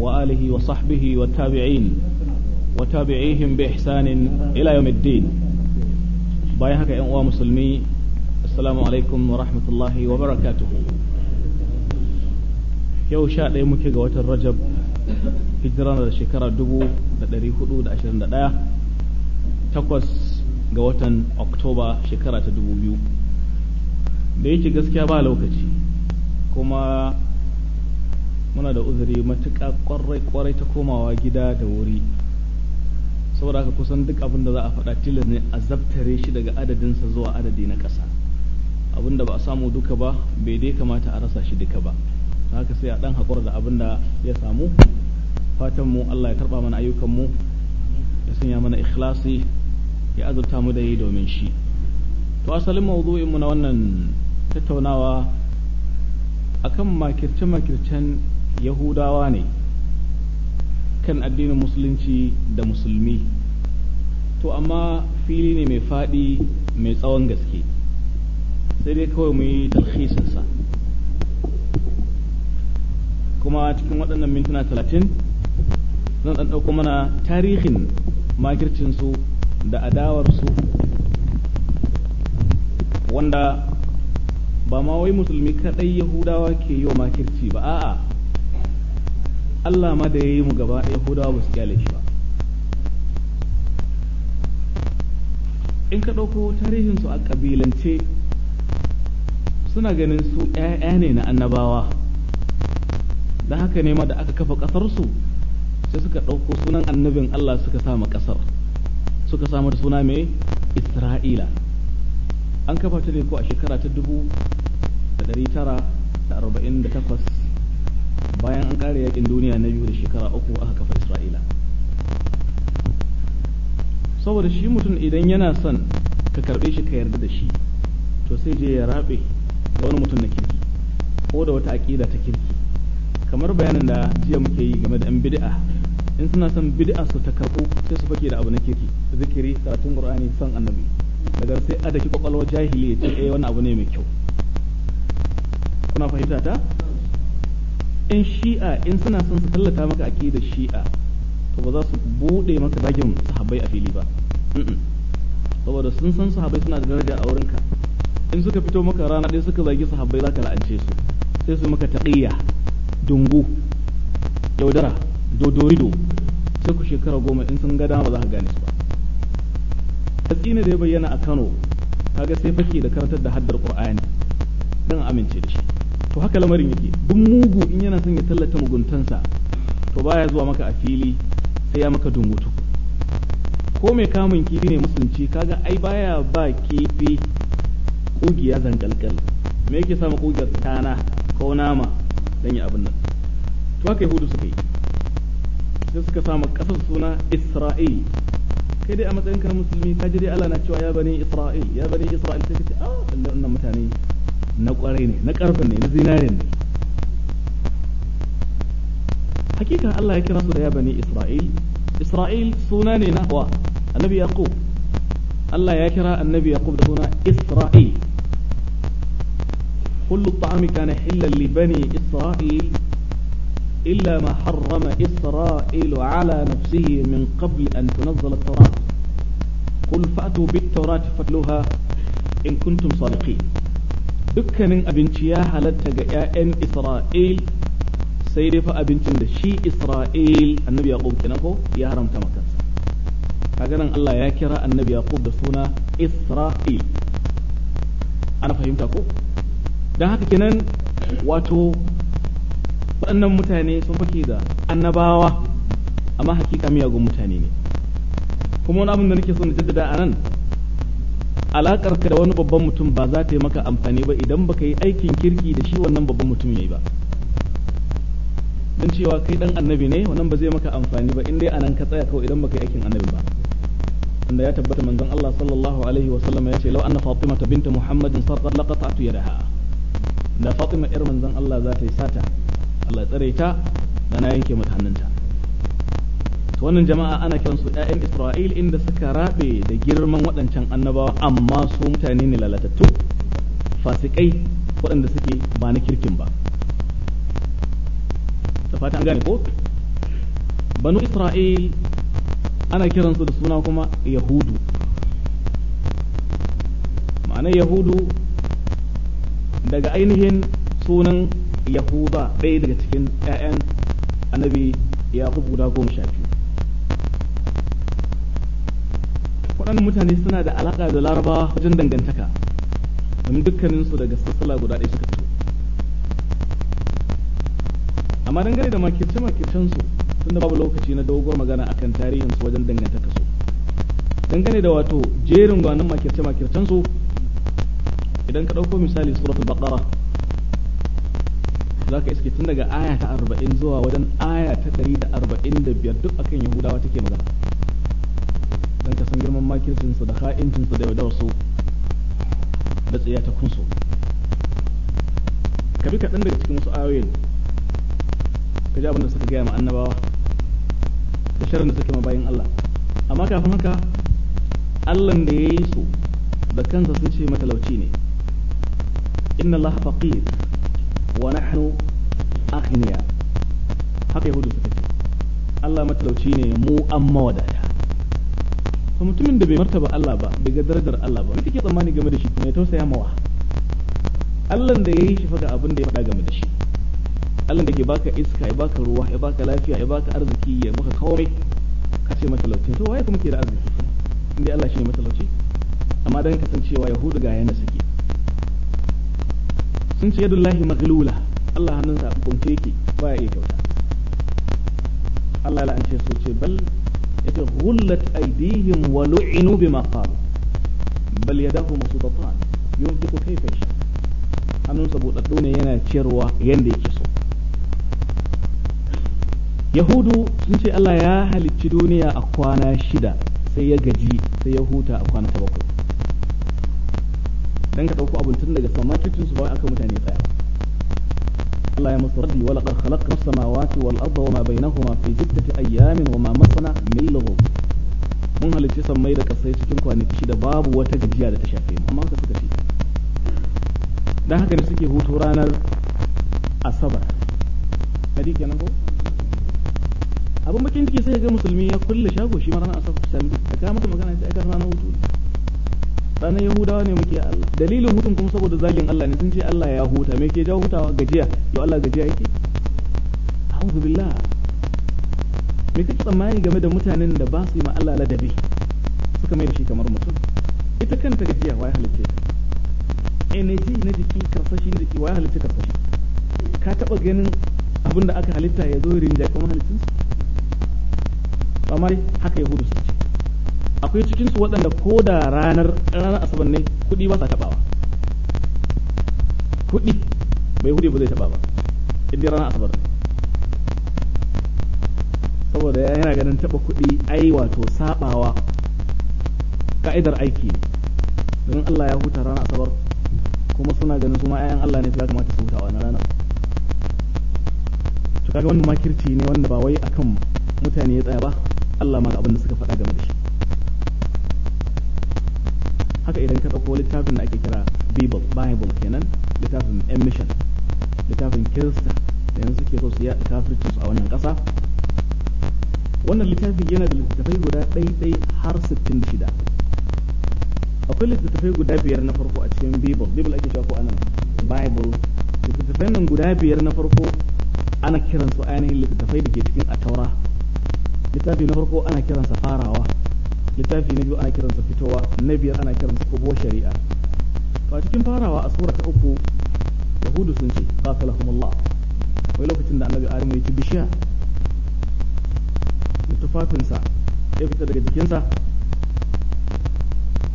وآله وصحبه والتابعين وتابعيهم بإحسان إلى يوم الدين بايهك يا مسلمي السلام عليكم ورحمة الله وبركاته yau sha ɗaya muke ga watan rajab hijira da shekara dubu da ɗari hudu da ashirin da ɗaya takwas ga watan oktoba shekara ta dubu biyu da yake gaskiya ba lokaci kuma muna da uzuri matuƙa ƙwarai ƙwarai ta komawa gida da wuri saboda haka kusan duk abin da za a faɗa tilas ne a zabtare shi daga adadinsa zuwa adadi na ƙasa abin da ba a samu duka ba bai dai kamata a rasa shi duka ba haka sai a ɗan haƙura da abin da ya samu fatan mu Allah ya karɓa mana ayyukan mu ya sanya mana ikhlasi ya azurta mu da yi domin shi to asalin mawdu'in mu na wannan tattaunawa akan makirce-makircen yahudawa ne kan addinin musulunci da musulmi to amma fili ne mai faɗi mai tsawon gaske sai dai kawai mu yi talhisinsa kuma cikin waɗannan mintuna talatin zan ɗan ɗauko mana tarihin makircinsu da adawarsu wanda ba ma wai musulmi kaɗai yahudawa ke yi wa makirci ba a'a Allah ma da ya yi mu gaba a Yahudawa ba su kyale shi ba in ka ɗauko tarihinsu a ƙabilance suna ganin su ‘ya'ya ne na annabawa da haka ne ma da aka kafa ƙasarsu sai suka ɗauko sunan annabin Allah suka sama ƙasar suka da suna mai Isra'ila an kafa ta ne ko a shekara ta dubu da dari tara da arba'in da takwas bayan an kare yakin duniya na biyu da shekara uku aka kafa isra'ila saboda shi mutum idan yana son ka karbe shi ka yarda da shi to sai je ya rabe da wani mutum na kirki ko da wata aƙida ta kirki kamar bayanin da jiya muke yi game da 'yan bid'a in suna son bid'a su ta karbo sai su fake da abu na kirki zikiri karatun qur'ani son annabi daga sai adaki kwakwalwa jahili ya ce eh wani abu ne mai kyau kuna fahimta ta 'yan shi'a in suna son su tallata maka da shi'a to ba za su bude maka zagin sahabbai a fili ba saboda sun san sahabbai suna da daraja a wurinka in suka fito maka rana ɗaya suka zagi sahabbai ka la'ance su sai su maka taɗiya dungu yaudara dodorido sai ku shekara goma in sun gada ba za ka gane su ba hatsina da ya bayyana a Kano kaga sai fake da karatar da haddar ƙur'ani dan amince da shi to haka lamarin yake duk mugu in yana son ya tallata muguntansa to baya zuwa maka a fili sai ya maka dungutu ko mai kamun kifi ne musulunci kaga ai baya ba kifi kugiya zangalgal me yake sa kugiya tana ko nama dan ya abin nan to haka yahudu suka yi sai suka samu kasar suna isra'il kai dai a matsayin na musulmi ka ji dai Allah na cewa ya bani isra'il ya bani isra'il sai ka ce ah Allah mutane na kwarai ne na karfin ne na zinarin ne hakika Allah ya kira su da ya bani Isra'il Isra'il suna ne na wa annabi Yaqub Allah ya kira annabi Yaqub da suna Isra'il كل الطعام كان حلا لبني إسرائيل إلا ما حرم إسرائيل على نفسه من قبل أن تنزل التوراة قل فأتوا بالتوراة فاتلوها إن كنتم صادقين dukkanin abinci ya halatta ga 'ya'yan Isra'il sai dai fa abincin da shi Isra'il annabi Yaqub kenan ko ya haramta maka kaga nan Allah ya kira annabi Yaqub da suna Isra'il ana fahimta ko dan haka kenan wato waɗannan mutane sun fake da annabawa amma hakika miyagun mutane ne kuma wani abin da nake son jaddada a nan alakar ka da wani babban mutum ba za ta yi maka amfani ba idan baka yi aikin kirki da shi wannan babban mutum yayi ba don cewa kai dan annabi ne wannan ba zai maka amfani ba in anan ka tsaya kawai idan baka yi aikin annabi ba wanda ya tabbata manzon Allah sallallahu alaihi wa sallam ya ce law anna Fatima binta Muhammadin sarrat laqata'tu yadaha da Fatima yar manzon Allah za ta yi sata Allah tsare ta da na yanke mata hannunta to wannan jama'a ana kiran su ƴaƴan Isra'il inda suka rabe da girman waɗancan annabawa amma su mutane ne lalatattu fasikai waɗanda suke ba na kirkin ba da fata an gane ko banu Isra'il ana kiransu da suna kuma Yahudu ma'ana Yahudu daga ainihin sunan Yahuda ɗaya daga cikin ƴaƴan annabi ya guda goma sha biyu waɗannan mutane suna da alaƙa da larabawa wajen dangantaka domin dukkaninsu daga sassala guda ɗaya suka fito amma dangane da makirce-makircensu tun da babu lokaci na doguwar magana akan tarihinsu wajen dangantaka su dangane da wato jerin gwanin makirce-makircensu idan ka ɗauko misali suratul baqara za ka iske tun daga aya ta arba'in zuwa wajen aya ta ɗari da arba'in da biyar duk akan yahudawa take magana munafukai ka san girman makircinsu da ha'incinsu da yaudarsu da tsaya ta kunsu ka bi kaɗan daga cikin wasu ayoyin ka ji abin da suka gaya ma annabawa da shirin da suke ma bayan Allah amma kafin haka Allah da ya yi su da kansa sun ce matalauci ne inna Allah faqir wa nahnu aghniya haka yahudu suka ce Allah matalauci ne mu an mawadata to mutumin da bai martaba Allah ba bai ga darajar Allah ba kike tsammani game da shi mai tausaya mawa Allah da ya yi shi faga abin da ya faɗa game da shi Allah da ke baka iska ya baka ruwa ya baka lafiya ya baka arziki ya maka kawai ka ce matalauci to waye kuma ke da arziki inda Allah shi ne matalauci amma dan kasancewa yahudu ga yana suke sun ce yadullahi maghlula Allah hannunsa kunce yake baya iya kyauta Allah ya la'ance su ce bal yace ghullat aydihim wa lu'inu bima qalu bal yadahu musutatan yunfiqu kayfa yasha hannunsa buɗaɗɗu ne yana ciyarwa yanda yake so yahudu sun ce Allah ya halicci duniya a kwana shida sai ya gaji sai ya huta a kwana ta bakwai dan ka abin tun daga sama kitchen su ba aka mutane tsaya الله يمس ردي ولقد خلقنا السماوات والأرض وما بينهما في ستة أيام وما مسنا من لغوب mun halicci sammai da kasai cikin kwanaki da babu wata gajiya da ta shafe mu amma suka dan haka ne suke hutu ranar asabar abin bakin ciki sai ga musulmi ya kulle shago shi ma ranar asabar sami da ka mata magana sai ranar hutu ranar yahudawa ne muke Allah dalilin hutun kuma saboda zagin Allah ne sun ce Allah ya huta me ke jawo hutawa gajiya to Allah gajiya yake a'udhu billah me kake tsammani game da mutanen da ba su yi ma Allah ladabi suka mai da shi kamar mutum ita kanta gajiya wai halitta ta energy na jiki karsashi na jiki wai halitta karsashi ka taba ganin abin da aka halitta ya zo rinjaye kuma halittun su amma haka yahudu su ce akwai cikin su waɗanda ko da ranar ranar asabar ne kuɗi ba sa tabawa kuɗi bai hudu ba zai taba ba idan ranar asabar ne saboda yana ganin taba kuɗi ai wato sabawa ka'idar aiki ne domin Allah ya huta ranar asabar kuma suna ganin su ma 'ya'yan Allah ne su ya kamata su huta a wannan ranar to kaga wannan makirci ne wanda ba wai akan mutane ya tsaya ba Allah ma ga abin da suka faɗa game da shi haka idan ka ɗauko littafin da ake kira bible bible kenan littafin emission mission littafin kirista da yanzu suke so su yaɗa kafircin a wannan ƙasa wannan littafin yana da littafai guda ɗaiɗai har sittin da shida akwai littafai guda biyar na farko a cikin bible bible ake cewa ko anan bible littafai nan guda biyar na farko ana kiransu ainihin littafai da ke cikin a taura littafi na farko ana kiransa farawa littafi na biyu ana kiransa fitowa na biyar ana kiransa kubuwar shari'a to a cikin farawa a sura ta uku yahudu sun ce qatalahumullah wai lokacin da annabi adamu ya ci bishiya da tufafinsa ya fita daga jikinsa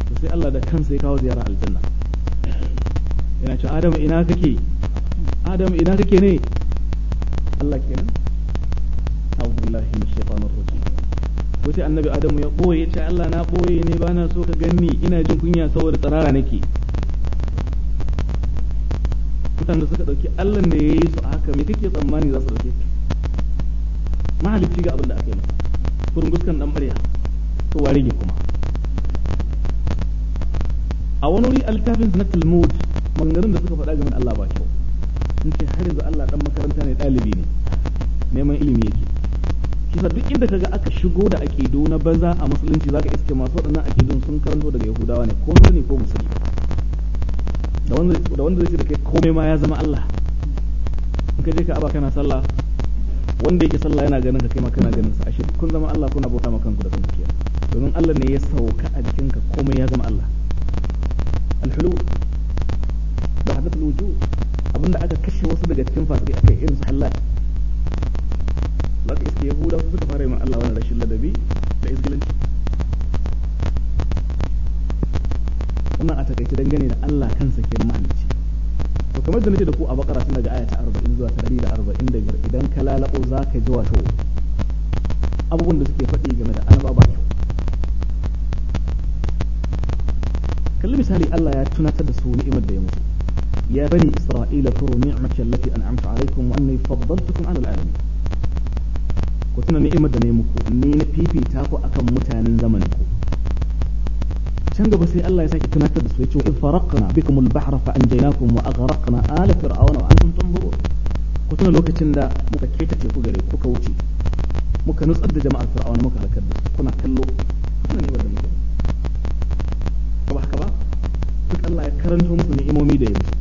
to sai Allah da kansa ya kawo ziyara aljanna yana ce adamu ina kake adamu ina kake ne Allah kenan a'udhu billahi minash shaitanir rajim ko sai annabi adamu ya boye ya ce Allah na boye ne ba na so ka ganni ina jin kunya saboda tsarara nake mutane da suka dauki Allah da ya yi su haka me kake tsammani za su dauke mahalicci ga abinda da aka yi furin guskan dan murya to warige kuma a wani wuri altafin na Talmud maganganun da suka faɗa game da Allah ba kyau sun ce har yanzu Allah dan makaranta ne ɗalibi ne neman ilimi yake kisa duk inda kaga aka shigo da akidu na banza a musulunci zaka iske masu wadannan akidun sun karanto daga yahudawa ne ko sani ko musulmi da wanda zai ce da kai komai ma ya zama Allah in ka je ka aba kana sallah wanda yake sallah yana ganin ka kai ma kana ganin sa ashe kun zama Allah kuna bauta ma kanku da kanku kenan domin Allah ne ya sauka a jikin ka komai ya zama Allah alhulu hulul da hadathul wujud abinda aka kashe wasu daga cikin fasiri akai irin su halal za ka iske yahuda su suka fara yi Allah wannan rashin ladabi da izgilanci kuma a takaice dangane da Allah kansa ke mahalicci to kamar da nake da ku a bakara tun daga aya ta 40 zuwa ta 145 idan ka lalabo za ka ji wato abubuwan da suke faɗi game da annaba ba kyau kalli misali Allah ya tunatar da su ni'imar da ya musu ya bani isra'ila kuru ni'mati allati an'amtu alaikum wa anni faddaltukum 'ala al'alamin ku tuna ni'imar da na yi muku ni na fifita ku akan mutanen zamanin ku can gaba sai Allah ya sake tunatar da su ya ce in faraqna bikum al-bahra fa anjaynakum wa aghraqna ala fir'auna wa antum tanzurun ku tuna lokacin da muka keta teku gare ku kuka wuce muka nutsar da jama'ar fir'auna muka halakar da su kuna kallo kuna ne wanda muke ba haka ba duk Allah ya karanto musu ni'imomi da yanzu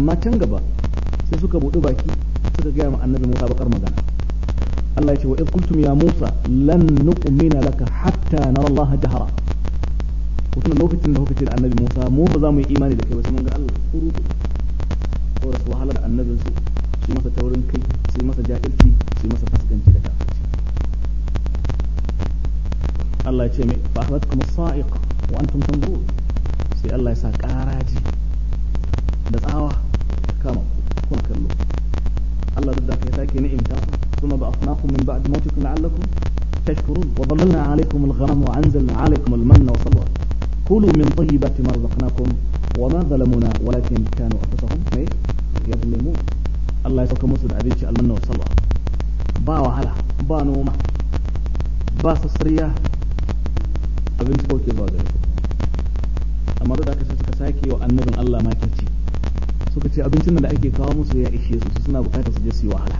amma can gaba sai suka buɗi baki suka gaya ma annabi Musa bakar magana Allah ya ce wa idh qultum ya Musa lan nu'mina laka hatta nara Allah jahara ku tuna lokacin da kuka ce da annabi Musa mu ba za mu yi imani da kai ba sai mun ga Allah kuru ko rasu wahalar annabin su su masa taurin kai su masa jahilci su masa fasikanci da kafirci Allah ya ce mai fa akhadhakum as-sa'iq wa antum tanzurun sai Allah ya sa karaji da tsawa kama kuna kallo Allah da ka ya sake ni'imta ku ثم بأصناكم من بعد موتكم لعلكم تشكرون وظللنا عليكم الغرام وأنزلنا عليكم المن وصلوا كلوا من طيبات ما رزقناكم وما ظلمونا ولكن كانوا أفسهم إيه؟ يظلمون الله يسوك مسلم عبيتش المن وصلوا باو على بانو ما باس السرية أبنس بوكي باجر أما ردك سكسايكي وأنبن الله ما كتي سكتي أبنسنا لأيكي كاموس ويأيشي سسنا بقيت سجسي وعلى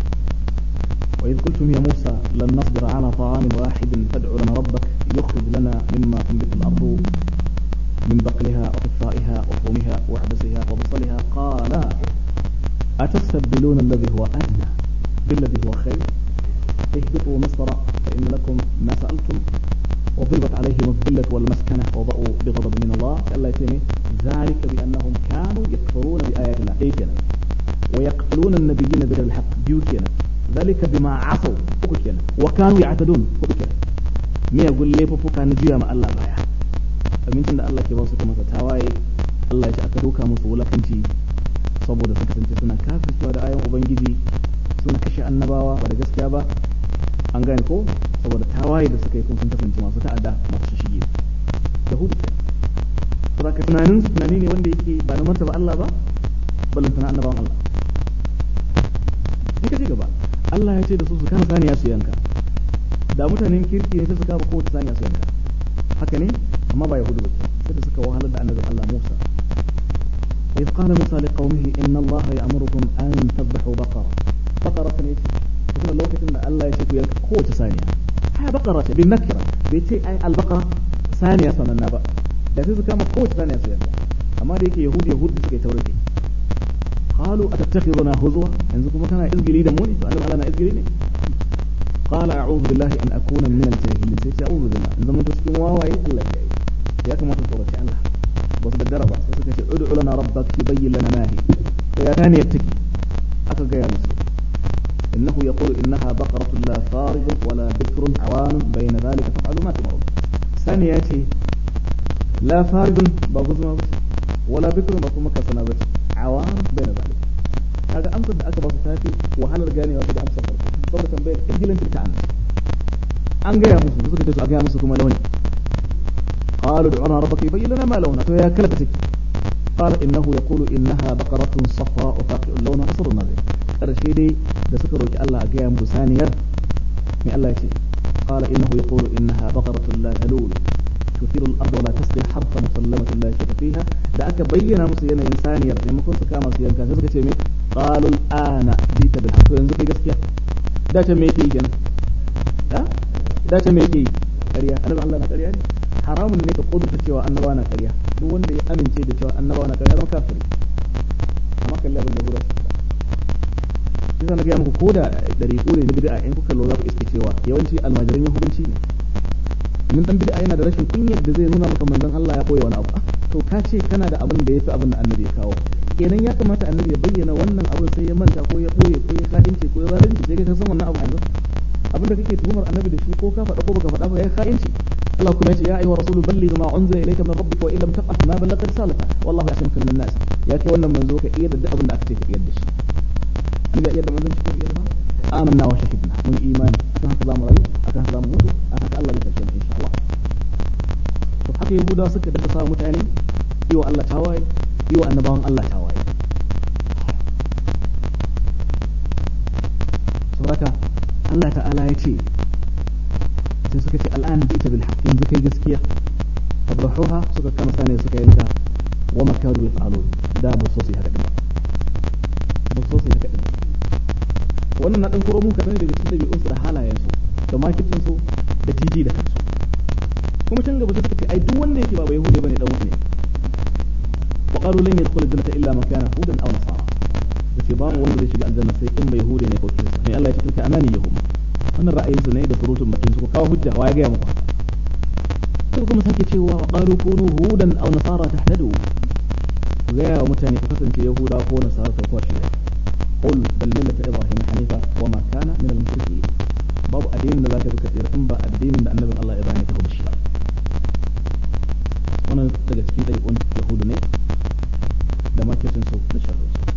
وإذ قلتم يا موسى لن نصبر على طعام واحد فادع لنا ربك يخرج لنا مما تنبت الأرض من بقلها وقثائها وفومها وعدسها وبصلها قال أتستبدلون الذي هو أدنى بالذي هو خير اهبطوا مصر فإن لكم ما سألتم وضربت عليهم الذلة والمسكنة وضعوا بغضب من الله الله ذلك بأنهم كانوا يكفرون بآيات الله إيكنا ويقتلون النبيين بغير الحق بيوتنا zalika bima asaw uku kenan wa kanu ya'tadun me ya gulle fufuka na juya ma Allah baya amincin da Allah ke ba su kuma sa tawaye Allah ya ci aka doka musu wulakanci saboda sun kasance suna kafircewa da ayan ubangiji suna kashe annabawa ba da gaskiya ba an gane ko saboda tawaye da suka yi kuma sun kasance masu ta'adda masu shige yahudu saboda ka tunanin tunani ne wanda yake ba na martaba Allah ba balantana annabawan Allah. ka ci gaba. Allah ya ce da su su kama saniya su yanka da mutanen kirki ne sai su kama kowace saniya su yanka haka ne amma ba yahudu bace sai da suka wahalar da annabi Allah Musa إذ قال موسى لقومه إن الله يأمركم أن تذبحوا بقرة بقرة يتي مثل لو كتبنا الله يشكو يلك قوة ثانية ها بقرة بالنكرة بيتي أي البقرة ثانية صنعنا بقى da sai su kama kowace saniya su yanka amma da yake yahudi yahudi suka yi قالوا أتتخذنا هزوا ينزكم كان إزجلي دموني فأنا على أنا إزجليني قال أعوذ بالله أن أكون من الجاهلين سيتي أعوذ بالله إذا ما تشكي إلا جاي يا كما تقول يا الله بس بالدرجة بس كنت ادعو لنا ربك يبين لنا ما هي يا ثاني يبتكي أكا يا إنه يقول إنها بقرة لا فارض ولا بكر عوان بين ذلك تفعل ما ثاني ثانية لا فارض بغزنا ولا بكر بغزنا كسنا بس عوام بين ذلك هذا أمر بدأت بسيطاتي وهل رجاني وأبدا أمسك طبعا تنبيه إيجي لنت بتعنى أنجا يا مصر بسكي تسوى أبيها مصر كما لوني قالوا لنا ربك يبين لنا ما لونه تويا كلبتك قال إنه يقول إنها بقرة صفراء فاقع اللون أصر النظر الرشيدي ذكروا إن الله أجيها مصر ثانية من الله يسير قال إنه يقول إنها بقرة لا تلول تثير الأرض ولا تسقي الحرث مسلمة لا شك فيها da aka bayyana musu yanayin saniyar maimakon su kama su yanka sai قالوا الآن جيت بالحق ana jita yanzu kai gaskiya da ta me yake kenan da ta me yake ƙarya annabi na ƙarya ne haramun ne ka kudurta cewa annabawa na ƙarya duk wanda ya amince da cewa annabawa na na gaya muku ko da ɗari ƙure na gida a kuka lura ku iske cewa yawanci almajirin yahudanci ne mun dan bid'a yana da rashin kunyar da zai nuna maka manzon Allah ya koya wani abu to ka ce kana da abin da yafi abin da annabi ya kawo kenan ya kamata annabi ya bayyana wannan abu sai ya manta ko ya boye ko ya kadince ko ya zalunci sai ka san wannan abu yanzu abin da kake tuhumar annabi da shi ko ka faɗa ko baka faɗa ba ya kadince Allah kuma ce ya ayyuhar rasul balligh ma unzila ilayka min rabbika wa in lam taf'al ma ballagta risalata wallahu ya'lamuka min nas ya kai wannan manzo ka iya da abin da aka ce ka iya da shi annabi ya iya da manzo ka iya ba آمنا وشهدنا من إيمان أكان سلام رئيس أكان سلام موتو أكان الله يتشهد إن شاء الله فحقي بودا سكة دلتصا متعني إيو الله تاواي إيو أنبان الله تاواي سوراكا الله تعالى يتي سيسكتي الآن بيت بالحق إن ذكي جسكية فضحوها سكة كما ساني سكي لك وما كادوا يفعلون دابوا صوصي هكذا دابوا صوصي هكذا wannan na dan koro mun kadan daga cikin dabi'unsu da halayensu da makitinsu da titi da kansu kuma can gaba suka ce ai duk wanda yake ba bai hude bane dan wani wa qalu lan yadkhul aljannata illa man kana hudan aw nasara ce babu wanda zai shiga aljanna sai in bai hude ne ko kirista ne Allah ya ce tilka amaniyuhum wannan ra'ayin su ne da surutun bakin su ko kawo hujja wa ya ga muku sai kuma sake cewa wa qalu kunu hudan aw nasara tahtadu ku ga mutane ku kasance yahuda ko nasara ko shirya قل بل ملة إبراهيم حنيفة وما كان من المشركين باب أدين من ذاته كثير ثم باب أدين من أنبغ الله إبراهيم كهو بشرا وانا نتجد في ذلك يهودني لما تنسوا نشر الرسول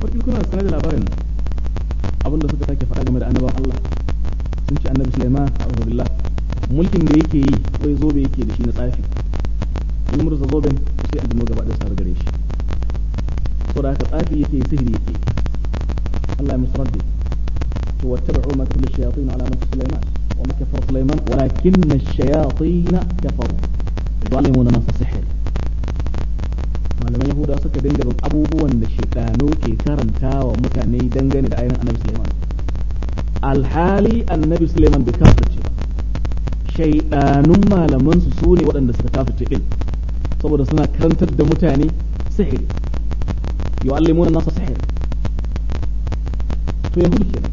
فرقل كنا سنجل أبارن أبو لسك تاكي فرقل من أنبغ الله سنش أنبغ سليمان أعوذ بالله ملكي ميكي ويزوبيكي لشي نصائفي المرزة زوبين سيأدي موجة بعد سهر قريشي صراخ آتي في سهريتي الله مصردي واتبعوا ما كل الشياطين على ملك سليمان وما كفر سليمان ولكن الشياطين كفروا يعلمون الناس السحر malaman yahuda suka dinga bin abubuwan da shekano ke karanta wa mutane dangane da ainihin annabi suleiman alhali annabi suleiman bai kafirce ba shaidanun malaman su su ne waɗanda suka kafirce din saboda suna karantar da mutane sihiri يعلمون الناس سحر تو يهود كده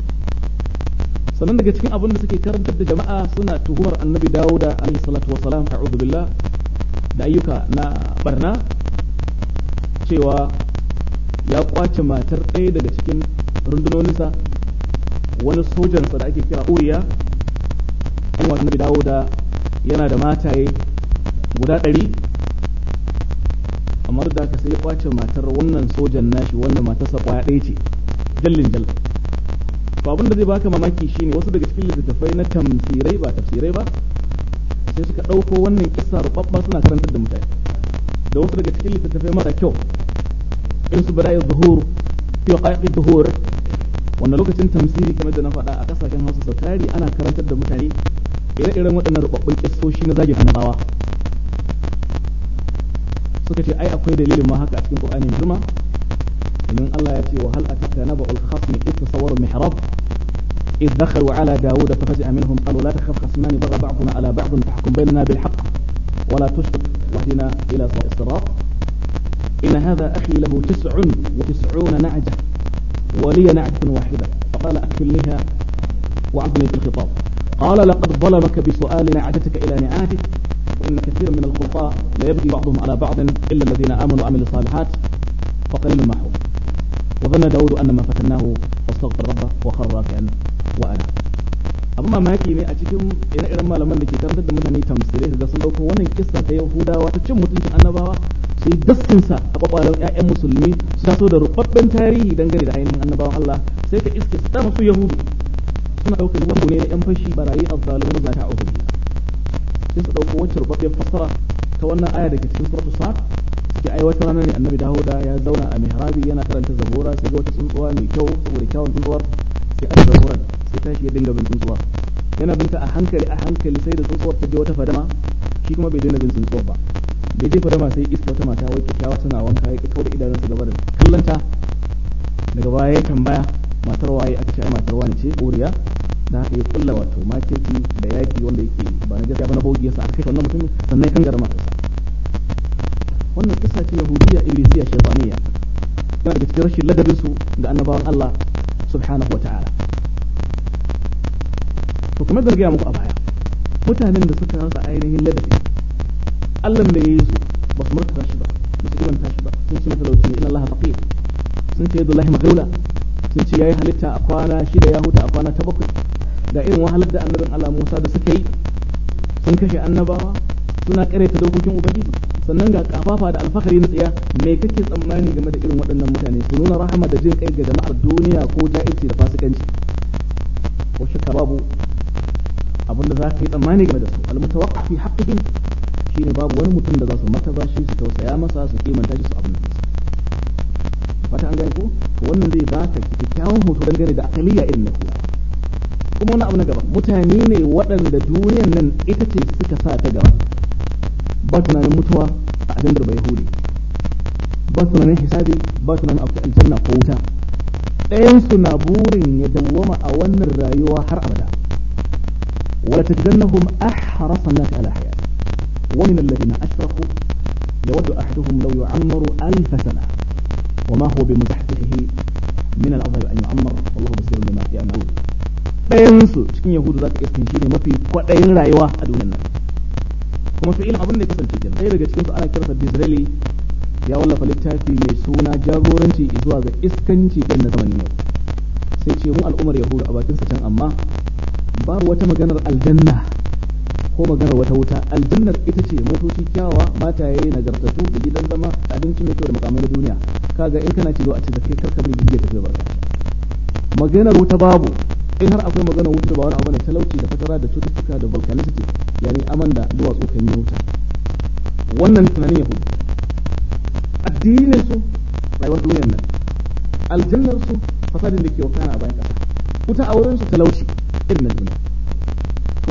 sannan daga cikin abin da suke karantar da jama'a suna tuhumar annabi dawuda alaihi salatu wa salam a'udhu billah da ayyuka na barna cewa ya kwace matar ɗaya daga cikin rundunoninsa wani sojansa da ake kira uriya an wa annabi dawuda yana da mataye guda ɗari kamar da ka sai kwace matar wannan sojan nashi wanda matarsa kwaya ɗaya ce jallin jal to abin da zai baka mamaki shine wasu daga cikin littattafai na tamsirai ba tafsirai ba sai suka ɗauko wannan kissa rubabba suna karantar da mutane da wasu daga cikin littattafai mara kyau irin su bada zuhur fi waqa'i zuhur wannan lokacin tamsiri kamar da na faɗa a kasashen Hausa sau ana karantar da mutane ire-iren waɗannan rubabbun kissoshi na zagin annabawa suka ce ai akwai dalilin ma haka a cikin Qur'ani girma domin Allah ya ce wa hal ataka naba'ul khasmi id tasawaru mihrab إذ دخلوا على داود ففزع منهم قالوا لا تخف خصمان بغى بعضنا على بعض فاحكم بيننا بالحق ولا تشرك واهدنا إلى صراط الصراط إن هذا أخي له تسع وتسعون نعجة ولي نعجة واحدة فقال أكفلنيها وعظني في الخطاب قال لقد ظلمك بسؤال نعجتك إلى نعاتك إن كثيرا من الخلطاء لا يبني بعضهم على بعض إلا الذين آمنوا وعملوا الصالحات فقليل ما حول وظن داود أن ما فتناه فاستغفر ربه وخر راكعا وأنا أما ما هكي من أتكم إن إرما لما نكي كان ضد مدني تمسيري إذا صلوك ونن قصة يهودا وتجم متنك أن بابا سي دسكن سا أقوى لو يا أم مسلمي سنسو دارو قطبن تاريه دنجري دعين أن بابا الله سيك إسكي ستامسو يهودي سنسو كالوان بني أم فشي برايي الظالم وزاكا أهودي sai su ɗauko wacce rubabbiyar fassara ta wannan aya da ke cikin suratu sa'ad ke ai wata rana ne annabi dawuda ya zauna a mihrabi yana karanta zabura sai ga wata tsuntsuwa mai kyau saboda kyawun tsuntsuwar sai a zaburar sai tashi ya dinga bin tsuntsuwar yana binta a hankali a hankali sai da tsuntsuwar ta je wata fadama shi kuma bai daina bin tsuntsuwar ba da je fadama sai iska wata mata wai kyakkyawa tana wanka ya kawo da idanunsa gaba da kallanta daga baya ya tambaya matar waye aka ce ai matar wani ce goriya na haka ya kulla wato makirki da yaki wanda yake ba na gaskiya ba na bogi yasa aka kai wannan mutumin sannan kan garma wannan kisa ce yahudiyya iblisiya shaytaniya yana daga cikin rashin ladabin su ga annabawan Allah subhanahu ta'ala to kuma da muku a baya mutanen da suka rasa ainihin ladabi Allah da yayi su ba su murtaka shi ba ba su imanta shi ba sun ce mata ne inna Allah faqir sun ce yadullahi maghula sun ce yayi halitta a kwana shida ya huta a kwana ta bakwai da irin wahalar da annabin Allah Musa da suka yi sun kashe annabawa suna ta dokokin ubangiji sannan ga kafafa da alfahari na tsaya me kake tsammani game da irin waɗannan mutane su nuna rahama da jin kai ga jama'ar duniya ko jahilci da fasikanci ko shakka babu abin da za ka yi tsammani game da su almutawaqqi fi haqqihim shine babu wani mutum da za su mata shi su tausaya masa su kimanta shi su abin fata an gane ko wannan zai baka kyakkyawan hoto dangane da akaliya irin na kula kuma wani abu na gaba mutane ne waɗanda duniyan nan ita ce suka sa ta gaba ba tunanin mutuwa a ajandar bai hudu ba tunanin hisabi ba tunanin abu aljanna ko wuta ɗayansu na burin ya dawwama a wannan rayuwa har abada wala tajidannahum ahrasa an-nas ala hayat wa min alladhina ashraku yawaddu ahaduhum law yu'ammaru alf sana وما هو بمزحزحه من العذاب أن يعمر والله بصير بما يعملون ɗayansu cikin yahudu za ka iya shi ne mafi kwaɗayin rayuwa a duniyar nan kuma fi'ilin abin da ya kasance kenan ɗaya daga cikinsu ana kiransa Disraeli ya wallafa littafi mai suna jagoranci zuwa ga iskanci ɗin na zamanin yau sai ce mu al'ummar yahudu a bakinsa can amma babu wata maganar aljanna ko maganar wata wuta aljannar ita ce motoci kyawawa mataye nagartattu da gidan zama abinci mai kyau da makamai na duniya kaga in kana cizo a ce da kai karka bai gidje tafiya barka maganar wuta babu in har akwai magana wuta ba wani abu ne talauci da fatara da cututtuka da volcanicity yani aman da duwatsu kan yi wuta wannan tunanin ya addinin su rayuwar duniyar nan aljannar su fasadin da ke wakana a bayan kasa wuta a wurin su talauci irin na duniya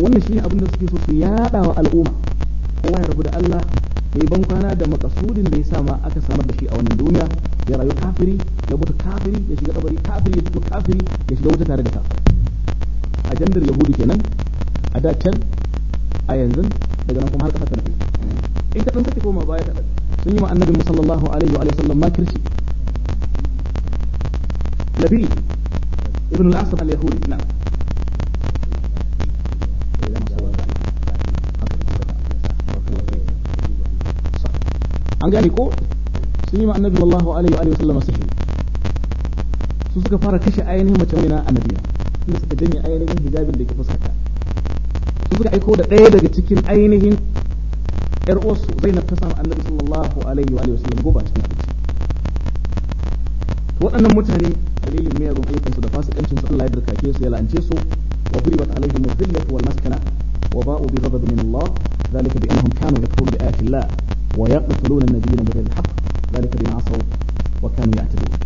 wannan shine abin da suke so su yada wa al'umma kowa ya rabu da Allah kai ban kwana da makasudin da ya sa ma aka samar da shi a wannan duniya ya rayu kafiri ya mutu kafiri ya shiga kabari kafiri ya fito kafiri ya shiga wuta tare da A ajandar yahudu kenan a da can a yanzu daga nan kuma har kasa tarfi in ka dan sake koma baya kaɗan sun yi ma annabi sallallahu alaihi wa sallam makirci labi ibn al-asr al-yahudi na'am an gane ko sun yi ma annabi wallahu alaihi wa sallama sihiri su suka fara kashe ainihin mace mai na annabi inda suka janye ainihin hijabin da ke fuskata su suka aiko da ɗaya daga cikin ainihin yar uwarsu zainab ta samu annabi sallallahu alaihi wa sallam goba cikin abinci waɗannan mutane dalilin miyagun ayyukansu da fasikancin su Allah ya dirkake su ya la'ance su wa duribat alaihim al-dhillatu wal maskana wa ba'u bi ghadabin min Allah zalika bi annahum kanu yakfurun bi ayati ويقتلون النبيين بغير الحق ذلك بما عصوا وكانوا يعتدون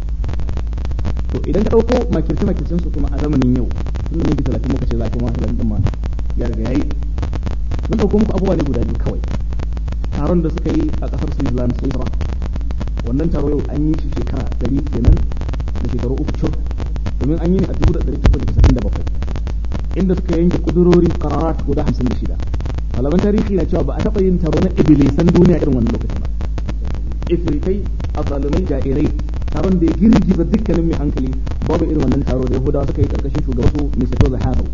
to idan ka dauko makirce makircin su kuma a zamanin yau tun da minti talatin muka ce za ka da din ma ya riga yayi zan dauko muku abubuwa ne guda biyu kawai taron da suka yi a kasar Switzerland su Isra wannan taro yau an yi shi shekara dari kenan da shekaru uku cur domin an yi ne a dubu da dari takwas da bakwai inda suka yanke kudurori kararat guda hamsin da shida malaman tarihi na cewa ba a taɓa yin taro na ibilisan duniya irin wannan lokacin ba ifritai azalumai jairai taron da ya girgiza dukkanin mai hankali babu irin wannan taro da yahudawa suka yi karkashin shugaban su misito zahabu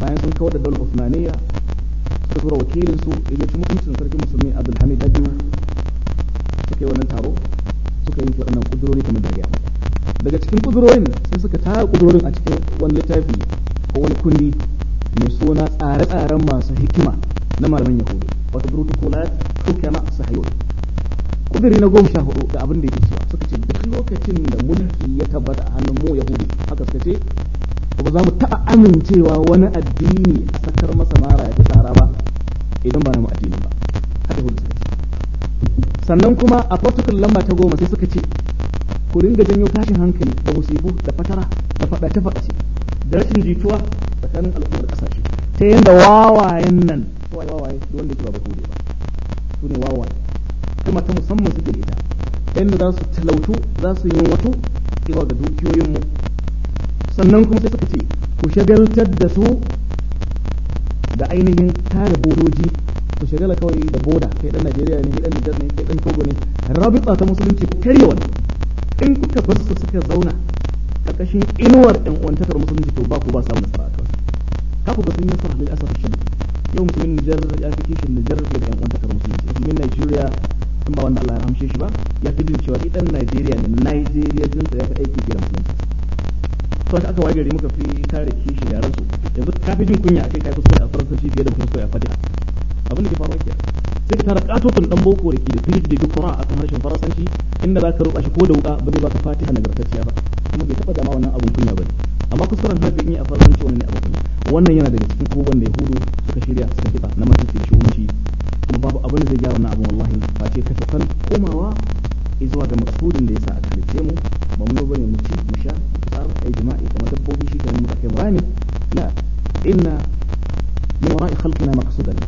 bayan sun kawar da dole usmaniya suka tura wakilin su ya ci mutuncin sarki musulmi abdulhamid da biyu suka yi wannan taro suka yanke waɗannan kudurori kamar da daga cikin kudurorin sai suka tara kudurorin a cikin wani littafi ko wani kundi mai suna tsare-tsaren masu hikima na malaman yahudu wata protocolat hukama sahayun kudiri na goma sha hudu da abin da yake cewa suka ce duk lokacin da mulki ya tabbata a hannun mu yahudu haka suka ce ba za mu taɓa amincewa wani addini a sakar masa mara ya fi tsara ba idan ba na mu addini ba haka hudu suka ce sannan kuma a protocol lamba ta goma sai suka ce ku ringa janyo tashin hankali da musibu da fatara da faɗace-faɗace da rashin jituwa tsakanin al'ummar kasashe ta yadda wawayen nan wawaye wawaye da wanda ke ba bature ba su ne wawaye kuma ta musamman suke ita yadda za su talautu za su yi wato zuwa ga dukiyoyinmu sannan kuma sai suka ce ku shagaltar da su da ainihin kare bodoji ku shagala kawai da boda kai dan Najeriya ne kai dan Nijar ne kai dan Togo ne rabita ta musulunci ku karye in kuka bar su suka zauna karkashin inuwar ɗan uwantakar musulunci to ba ku ba samu nasara a kansa kafu ba sun yi nasara bil asaf shadid yau musulmin Nijar ya fi kishin Nijar fiye da ɗan uwantakar musulunci musulmin Najeriya sun ba wanda Allah ya rahamshe shi ba ya fi jin cewa idan Najeriya ne Najeriya jinsa ya fi aiki fiye da musulunci to aka waye gari muka fi kare kishi yaransu yanzu ka fi jin kunya a kai kuskure a faransanci fiye da kuskure a fadiha abin da ke faruwa kenan sai ka dan boko da ke da digiri da dukura a kan harshen faransanci inda za ka ruba shi ko da wuka ba zai baka fatiha nagartacciya ba kuma bai taba zama wannan abun kunya ba amma kuskuren harafin yi a faransanci wannan ne abun kunya wannan yana daga cikin abubuwan da yahudu suka shirya suka kifa na mutunci da shugunci kuma babu abin da zai gyara wannan abun wallahi ce kashe kan komawa zuwa ga maksudin da yasa aka halitte mu ba mu bane mu ci mu sha tsar yi jima'i kamar dabbobi shi kenan mu kai rami la inna min wara'i khalqina maqsudan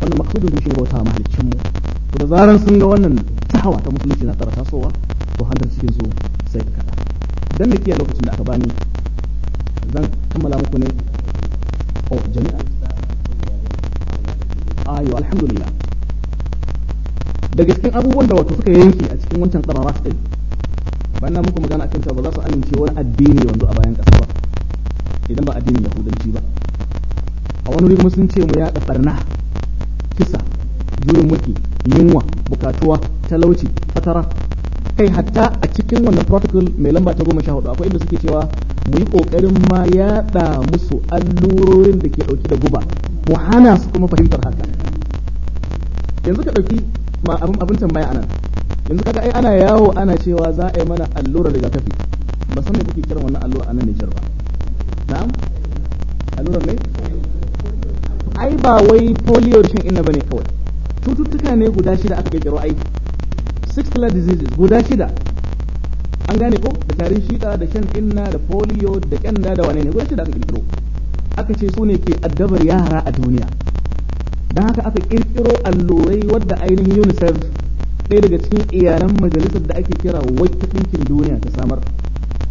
wannan maksudin da shi bauta mahaliccin mu to da zarar sun ga wannan tahawa ta musulunci na tsara tasowa to hantar cikin su sai ka kada dan da kiyaye lokacin da aka bani zan kammala muku ne oh jami'a ayo alhamdulillah daga cikin abubuwan da wato suka yanke a cikin wancan tsarara su ɗin ba na muku magana akan cewa ba za su amince wani addini wanzu a bayan ƙasa ba idan ba addinin yahudanci ba a wani wuri kuma sun ce mu ya ɓarna kisa jurin mulki yunwa bukatuwa talauci fatara kai hatta a cikin wannan protocol mai lamba ta goma sha hudu akwai inda suke cewa mu yi kokarin ma yaɗa musu allurorin da ke ɗauki da guba mu hana su kuma fahimtar haka yanzu ka ɗauki abin tambaya anan yanzu kaga ai ana yawo ana cewa za a yi mana allurar rigakafi ba san me kuke kiran wannan allura anan ne jarba ba na'am allurar ne ai ba wai polio shan inna bane kawai cututtuka ne guda shida aka kirkiro ai six killer diseases guda shida an gane ko da tarin shida da shan inna da polio da kyanda da wane ne guda shida aka kirkiro aka ce su ne ke addabar yara a duniya don haka aka kirkiro allurai wadda ainihin unicef ɗaya daga cikin iyalan majalisar da ake kira wata duniya ta samar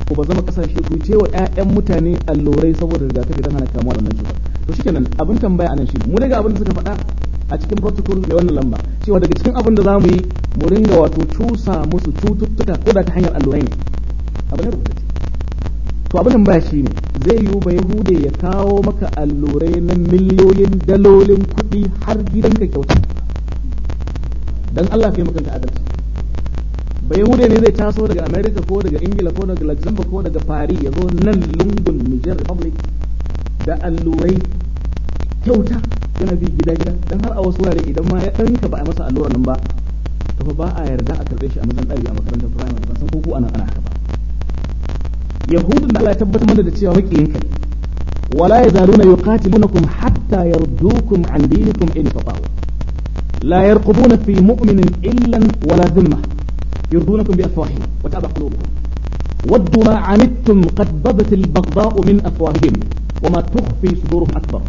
ko ba zama kasashe ku ce wa 'ya'yan mutane allurai saboda rigakafi don hana kamuwa da wannan cuta to shikenan abin tambaya nan shi mu daga abin da suka faɗa a cikin protocol da wannan lamba cewa daga cikin abin da za mu yi mu ringa wato cusa musu cututtuka ko da ta hanyar allurai ne rubuta ce to abin tambaya shi ne zai yiwu ba yahude ya kawo maka allurai na miliyoyin dalolin kuɗi har gidanka kyauta dan Allah kai maka adalci ba yahude ne zai taso daga america ko daga ingila ko daga luxembourg ko daga paris ya zo nan lungun niger republic da allurai kyauta yana bi gida gida dan har a wasu wurare idan ma ya danka ba a masa allura nan ba to fa ba a yarda a karbe shi a matsayin ɗari a makarantar primary ban san ko ku ana ana haka ba yahudun da Allah ya tabbatar mana da cewa makiyin ka ne wala yazaluna yuqatilunakum hatta yardukum an dinikum in istata'u la yarqubuna fi mu'minin illan wala dhimmah يرضونكم بأفواههم وتابع قلوبهم ودوا ما عنتم قد بدت البغضاء من أفواههم وما تخفي صدورهم أكبر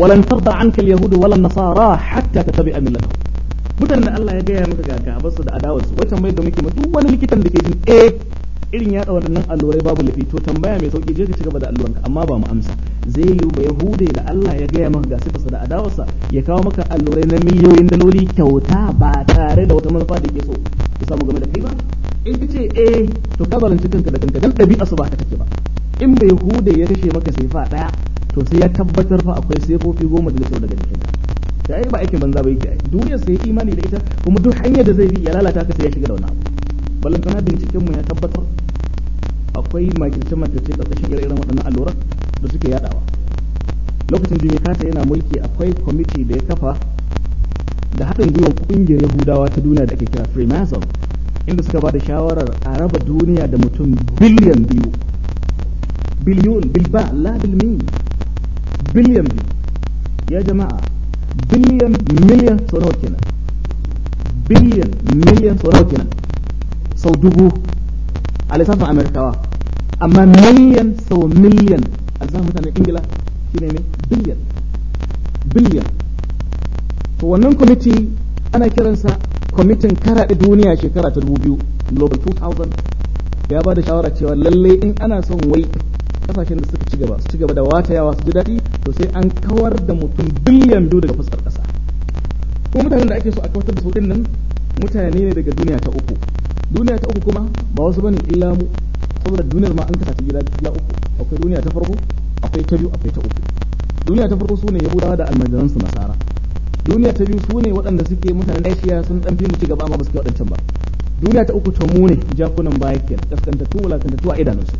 ولن ترضى عنك اليهود ولا النصارى حتى تتبع ملتهم بدل da الله يجي يا maka بس gabansu da adawarsu wacce mai da muke duk wani likitan irin yaɗa waɗannan allurai babu lafi to tambaya mai sauki je ka ci gaba da alluranka amma ba mu amsa zai yiwu ba yahude da Allah ya gaya maka ga sifarsa da adawarsa ya kawo maka allurai na miliyoyin daloli kyauta ba tare da wata manufa da ke so ya samu game da kai ba in ka ce eh to ka balanci kanka da kanka dan ɗabi'a su ba ka take ba in bai hude ya kashe maka sifa daya to sai ya tabbatar fa akwai sefofi goma da daga jikinka da ai ba aikin banza ba yake duniyar sai imani da ita kuma duk hanyar da zai bi ya lalata ka sai ya shiga da wani abu balantana binciken mu ya tabbatar akwai makirce makirce ƙarƙashin ire irin waɗannan alluran da suke yadawa lokacin jini kata yana mulki akwai kwamiti da ya kafa da haɗin gwiwar ƙungiyar yahudawa ta duniya da ake kira freemason inda suka ba da shawarar a raba duniya da mutum biliyan biyu biliyon bilba la biliyan biyu ya jama'a biliyan miliyan sau kenan biliyan miliyan sau kenan sau dubu a lissafin amerikawa amma miliyan sau miliyan a lissafin mutanen ingila shi ne ne? biliyan biliyan to wannan kwamiti ana kiransa kwamitin karaɗe duniya shekara ta dubu biyu global 2000 ya ba da shawara cewa lallai in ana son wai kasashen da suka ci gaba su ci gaba da wata yawa, su ji daɗi to sai an kawar da mutum biliyan biyu daga fuskar ƙasa Ko mutanen da ake so a kawatar da su nan mutane ne daga duniya ta uku duniya ta uku kuma ba wasu bane illa mu saboda duniyar ma an kasa ta gida gida uku akwai duniya ta farko akwai ta biyu akwai ta uku duniya ta farko sune yahudawa da almajiran su nasara duniya ta biyu sune waɗanda suke mutanen Asia sun dan fi mu ci gaba amma ba su kai waɗancan ba duniya ta uku ta mu ne jakunan baya ke kenan kaskantattu wulakantattu a su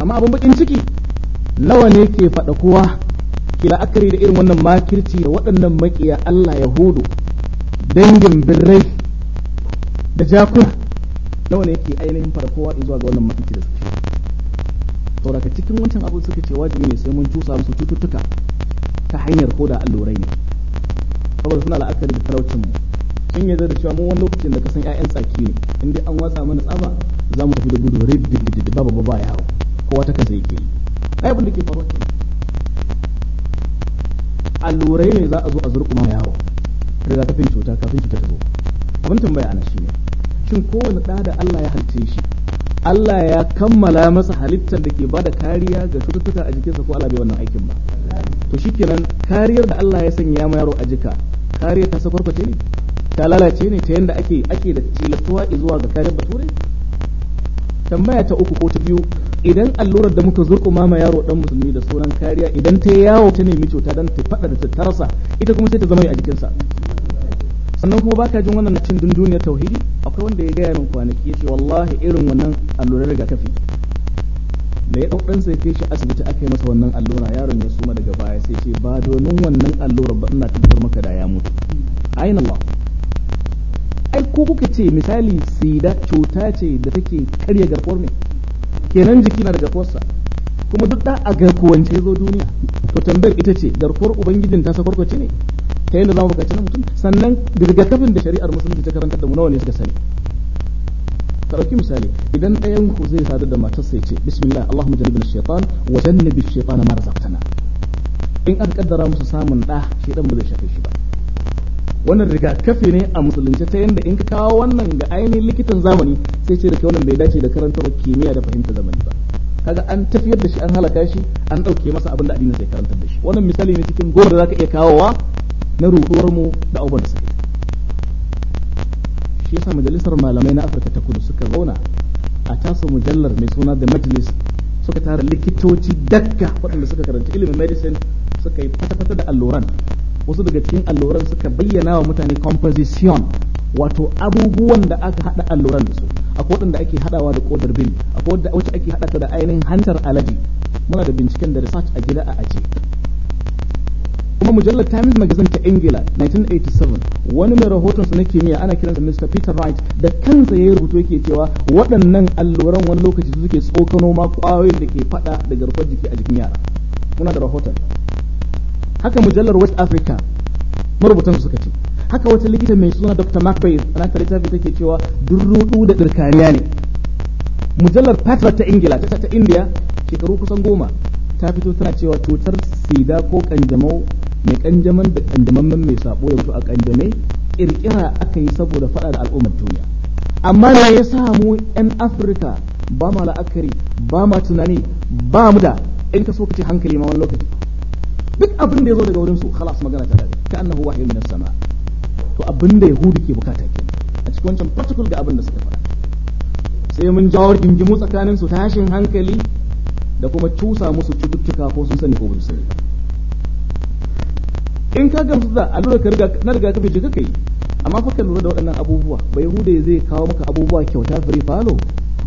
amma abin bakin ciki nawa ne ke faɗa kowa kila akari da irin wannan makirci da waɗannan maƙiya Allah Yahudu dangin birrai da jakuna nawa ne ke ainihin fara kowa zuwa ga wannan makici da suke sauraka cikin wancan abin suka ce wajibi ne sai mun cusa musu cututtuka ta hanyar ko da allurai ne saboda suna la'akari da talaucin mu sun yi da cewa mu wani lokacin da kasan ƴaƴan tsaki ne in dai an watsa mana tsaba za mu tafi da gudu ridididid ba ba ba yawo kowa ta kansa yake yi ai abin da ke faruwa ke allurai ne za a zo a zurkuma yawo rigakafin cuta kafin cuta ta zo abin tambaya ana shi ne shin kowane ɗa da Allah ya halice shi Allah ya kammala masa halittar da ke bada kariya ga cututtuka a jikinsa ko Allah bai wannan aikin ba to shikenan kariyar da Allah ya sanya ma yaro a jika kariyar ta sakwarkwace ne ta lalace ne ta yanda ake ake da tilastuwa zuwa ga kariyar bature tambaya ta uku ko ta biyu idan allurar da muka zurko mama yaro dan musulmi da sunan kariya idan ta yawo ta nemi cuta dan ta fada da tattarsa ita kuma sai ta zama a jikinsa sannan kuma baka jin wannan cin dunduniyar tauhidi akwai wanda ya gaya min kwanaki ya ce wallahi irin wannan allurar rigakafi da ya ɗauɗan sai ke shi asibiti aka yi masa wannan allura yaron ya suma daga baya sai ce ba domin wannan allura ba ina tabbatar maka da ya mutu ayin Allah ai ko kuka ce misali sida cuta ce da take karya garkuwar ne kenan jiki na da kosa. kuma duk da a garkuwance zo duniya to tambayar ita ce garkuwar ubangijin ta sakwarkwace ne ta yadda za mu bukaci na mutum sannan kafin da shari'ar musulunci ta karanta da mu nawa ne suka sani ka ɗauki misali idan ɗayan ku zai sadar da matar sai ce bismillah allahumma jannibna shaytan wa jannibi shaytan ma razaqtana in aka kaddara musu samun ɗa shi ɗan ba zai shafe shi ba wannan riga kafi ne a musulunci ta yadda in ka kawo wannan ga ainihin likitan zamani sai ce da ke wannan bai dace da karantar kimiyya da fahimta zamani ba kaga an tafiyar da shi an halaka shi an ɗauke masa abin da addinin zai karantar da shi wannan misali ne cikin goma da zaka iya kawowa na ruɗuwar mu da abubuwan da suke shi yasa majalisar malamai na afirka ta kudu suka zauna a tasa mujallar mai suna da majalis suka tara likitoci dakka waɗanda suka karanta ilimin medicine suka yi fata-fata da alluran wasu daga cikin alluran suka bayyana wa mutane composition wato abubuwan da aka hada alluran da su akwai waɗanda ake hadawa da kodar bin akwai wacce ake haɗa ta da ainihin hantar alaji muna da binciken da research a gida a aji kuma mujallar Times Magazine ta Ingila 1987 wani mai rahoton su na kimiyya ana kiransa Mr. Peter Wright da kansa ya rubuto yake cewa waɗannan alluran wani lokaci suke tsokano ma kwayoyin da ke fada da garkuwar jiki a jikin yara muna da rahoton haka mujallar West Africa marubutan suka ce haka wata likita mai suna Dr. Mark Bayes ana ta littafi take cewa durrudu da dirkaniya ne mujallar Patra ta Ingila ta ta India shekaru kusan goma ta fito tana cewa cutar sida ko kanjamau mai kanjaman da kanjamamman mai sabo ya mutu a kanjame kirkira aka yi saboda fada da al'ummar duniya amma me ya samu yan afirka ba ma la'akari ba ma tunani ba mu da in ka so ka ce hankali ma wani lokaci duk abin da ya zo daga wurin su khalas magana ta dade ka annahu wahyu minas sama to abin da yahudu ke bukata ke a cikin wancan particular ga abin da suka faɗa sai mun jawo gingimu tsakanin su tashin hankali da kuma cusa musu cututtuka ko sun sani ko ba su sani ba in ka gamsu da allura ka riga na riga kafin ka yi amma fa ka lura da waɗannan abubuwa ba yahude zai kawo maka abubuwa kyauta fari falo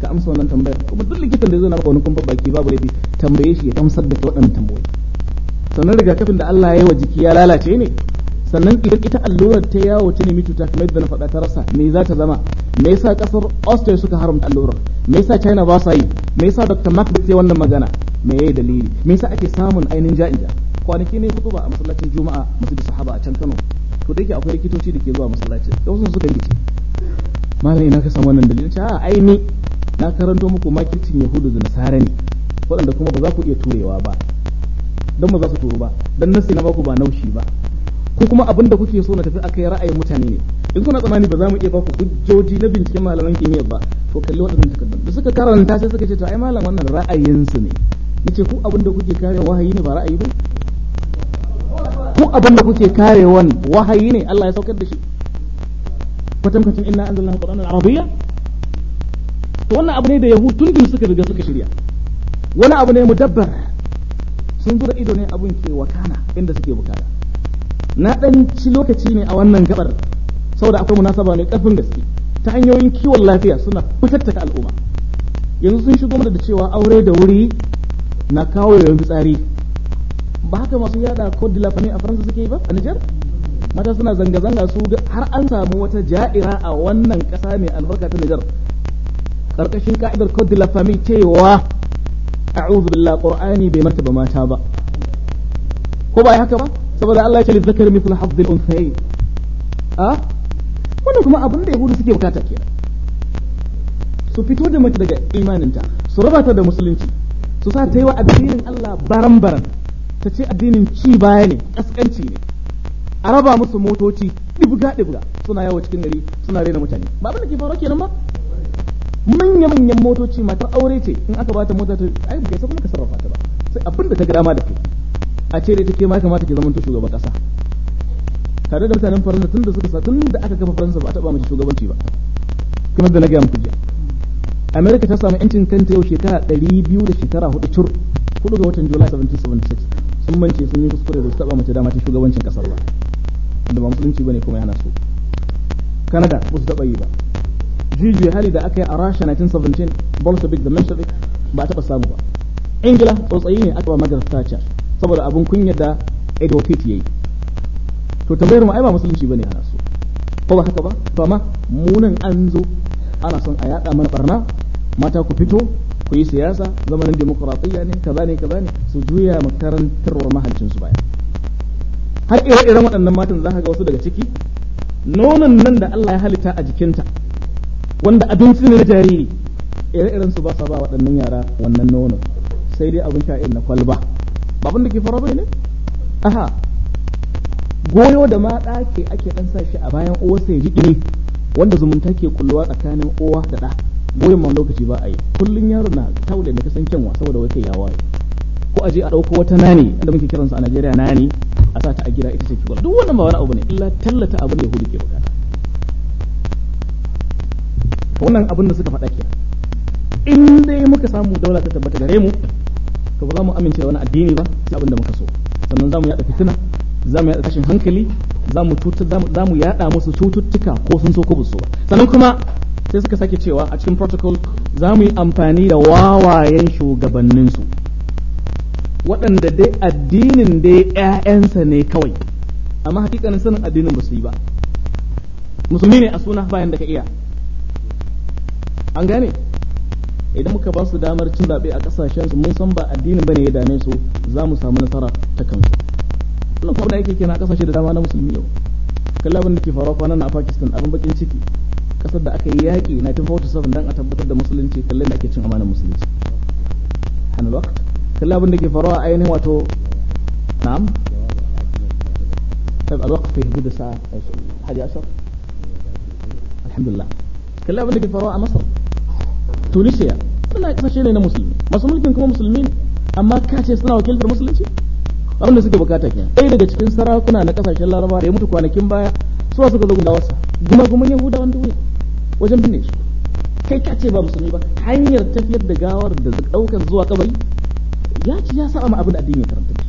ka amsa wannan tambayar kuma duk likitan da zai na maka wani kumfa baki babu laifi tambaye shi ya amsar da waɗannan tambayoyi sannan kafin da Allah ya yi wa jiki ya lalace ne sannan idan ita allurar ta yawo ta nemi cuta kamar yadda na faɗa ta rasa me za ta zama me yasa kasar Austria suka haramta allurar me yasa China ba sa yi me yasa Dr. Mark ya wannan magana me yayi dalili me yasa ake samun ainihin ja'in kwanaki ne ba a masallacin juma'a masu masjid sahaba a can kano to da yake akwai likitoci da ke zuwa masallaci yau sun suka rikice Malami na ka samu wannan dalilin ce a aini na karanto muku makircin yahudu da nasara ne waɗanda kuma ba za ku iya turewa ba don ba za su turu ba don nasi na baku ba naushi ba ko kuma abin da kuke so na tafi akai ra'ayin mutane ne in kuna tsammani ba za mu iya baku hujjoji na binciken malaman kimiyya ba to kalli waɗannan takardun da suka karanta sai suka ce to ai malam wannan ra'ayinsu ne nace ku abin da kuke kare wahayi ne ba ra'ayi ba abin da kuke karewan wahayi ne Allah ya saukar da shi kwatankwacin inna anzalnahu qur'anan arabiyya to wannan abu ne da yahu tun suka riga suka shirya wani abu ne mudabbar sun zura ido ne abun ke wakana inda suke bukata na dan ci lokaci ne a wannan gabar saboda akwai munasaba ne karfin gaske ta hanyoyin kiwon lafiya suna fitattaka al'umma yanzu sun shigo mana da cewa aure da wuri na kawo yawan tsari. ba haka masu yada ko dilafani a faransa suke yi ba a Niger mata suna zanga-zanga su har an samu wata ja'ira a wannan ƙasa mai albarka ta Niger ƙarƙashin ka'idar ko dilafami cewa a'udhu billahi qur'ani bai martaba mata ba ko ba haka ba saboda Allah ya ce zakar mithl hadd al-unthayayn a wannan kuma abin da yahudu suke bukata kenan su fito da mace daga imaninta su raba ta da musulunci su sa ta yi wa addinin Allah baran-baran ta ce addinin ci baya ne kaskanci ne a raba musu motoci dibga dibga suna yawo cikin gari suna rena mutane ba abin da ke faro kenan ba manya manyan motoci matar aure ce in aka bata mota ta ai bai sa kuma ka sarrafa ta ba sai abin da ta gada ma da kai a ce dai take ma kamata ke zamanto shugaban kasa tare da mutanen faransa tun da suka sa tun da aka kafa faransa ba a taba mace shugabanci ba kamar da na gaya muku jiya Amerika ta samu yancin kanta yau shekara 200 da shekara 4 cur 4 ga watan july 1776 sun mance sun yi kuskure da su taba mace dama ta shugabancin kasar ba da ba musulunci bane kuma yana so Canada ba su taba yi ba jujuya hali da aka yi a Rasha 1917 Bolshevik da Menshevik ba a taba samu ba Ingila tsotsayi ne aka ba Margaret Thatcher saboda abin kunyar da Edward ya yi to tambayar mu ai ba musulunci bane ana so ko ba haka ba to munan an zo ana son a yada mana barna mata ku fito ku yi siyasa zamanin demokratiyya ne kaza ne kaza ne su juya makarantarwar mahancin su baya har ire-iren waɗannan matan za ka ga wasu daga ciki nonon nan da Allah ya halitta a jikinta wanda abinci ne na jariri ire-iren su ba sa ba waɗannan yara wannan nonon sai dai abin sha'in na kwalba ba da ke faruwa ne aha goyo da ma ɗaki ake ɗan sa shi a bayan uwarsa ya ji wanda zumunta ke kulluwa tsakanin uwa da ɗa goyon ma lokaci ba a yi kullun yaro na taule da kasan kyanwa saboda wata ya waye ko a je a dauko wata nani inda muke kiransu a Najeriya nani a sa ta a gida ita ce kiwa duk wannan ba wani abu ne illa tallata abin da Yahudu ke bukata wannan abin da suka faɗa ke in dai muka samu daula ta tabbata gare mu to ba za mu amince da wani addini ba sai abin da muka so sannan za mu yaɗa fitina za mu yaɗa tashin hankali za mu yaɗa musu cututtuka ko sun so ko ba sannan kuma sai suka sake cewa a cikin protocol za mu yi amfani da wawayen shugabanninsu waɗanda dai addinin dai 'ya'yansa ne kawai amma hakikanin sanin addinin ba su yi ba musulmi ne a suna bayan da ka iya an gane idan muka ba su damar cin zaɓe a ƙasashen su mun san ba addinin ba ne ya dame su za mu samu nasara ta kansu wannan kuma da yake kenan a ƙasashe da dama na musulmi yau kallabin da ke faruwa kwanan a Pakistan abin bakin ciki kasar da aka yi yaƙi 1947 dan a tabbatar da musulunci kallon da ake cin amanar musulunci hannuwak kallon abin da ke faruwa ainihin wato na'am طيب الوقت sa حدود الساعة حاجة عشر الحمد لله ke faruwa a masar تونسيا suna kasashe ne na musulmi masu mulkin kuma musulmi ne amma ka ce suna wakiltar musulunci abinda suke bukata kenan ɗaya daga cikin sarakuna na kasashen larabawa da ya mutu kwanakin baya suwa suka zo gudawarsa gumagumin yahudawan duniya wajen binne su kai ka ce ba musulmi ba hanyar tafiyar da gawar da daukar zuwa kabari ya ci ya sa ma abin addini ya karanta shi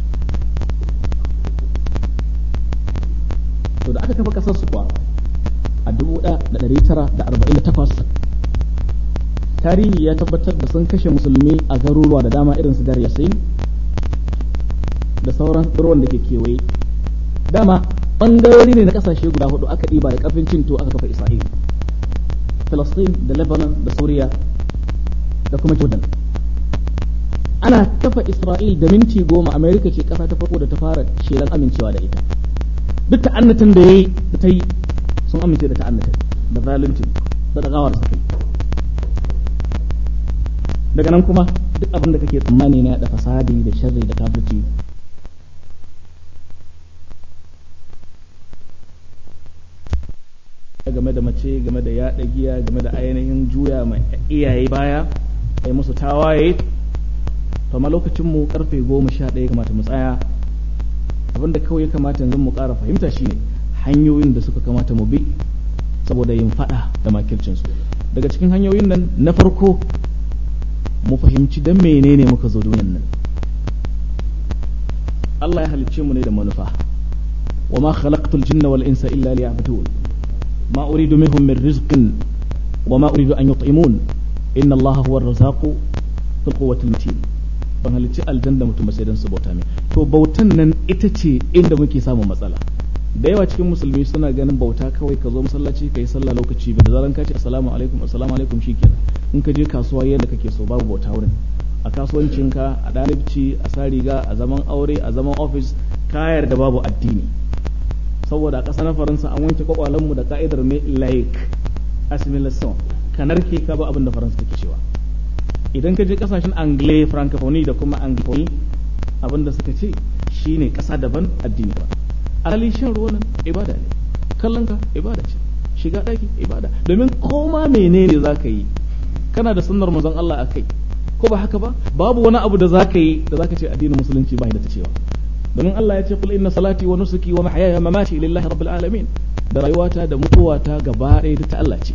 to da aka kafa kasar su kuwa a 1948 tarihi ya tabbatar da sun kashe musulmi a garuruwa da dama irin su dar yasin da sauran ruwan da ke kewaye dama ɓangarori ne na ƙasashe guda hudu aka ɗiba da cin cinto aka kafa isra'ila filistin da Lebanon da Suriya da kuma Jordan ana kafa Isra'il da minti goma Amerika ce kasa ta farko da ta fara shelan amincewa da ita duk ta'annatin da yayi da ta yi sun amince da ta'annatin da zalunci da dagawar sa kai daga nan kuma duk abin da kake tsammani na da fasadi da sharri da kafirci game da mace game da yaɗa giya game da ainihin juya mai iyaye baya a musu tawaye to ma lokacin mu karfe goma sha ɗaya kamata mu tsaya abinda kawai ya kamata yanzu mu ƙara fahimta ne hanyoyin da suka kamata mu bi saboda yin faɗa da makircinsu daga cikin hanyoyin nan na farko mu fahimci dan menene muka zo duniyan nan Allah ya halicce mu ne da manufa wa ma khalaqtul jinna wal insa illa liya'budun ما أريد منهم من رزق وما أريد أن يطعمون إن الله هو الرزاق في القوة المتين ban halicci متمسيدن mutum sai dan su bauta mai to bautan nan ita ce inda muke samun matsala da yawa cikin musulmi suna ganin bauta kawai ka zo masallaci ka yi sallah lokaci ba da zaran ka ce assalamu alaikum assalamu alaikum shikenan in ka je kasuwa yadda kake so babu bauta wurin a kasuwancinka a ɗalibci a sariga a zaman aure a zaman ofis ka yarda babu addini saboda ƙasa na faransa an wanke kwakwalenmu da ka'idar mai like assimilation kanar ke ka ba abin da faransa take cewa idan ka je ƙasashen angle francophonie da kuma angle abin da suka ce shine ƙasa daban addini ba alali shan ruwan ibada ne kallon ka ibada ce shiga daki ibada domin koma menene ka yi kana da sunnar manzon Allah a kai, ko ba haka ba babu wani abu da za ka yi da za ka ce addinin musulunci ba da ta cewa domin Allah ya ce kula inna salati wa nusuki wa mahyaya mamati lillahi rabbil alamin da rayuwata da mutuwata gaba ɗaya ta Allah ce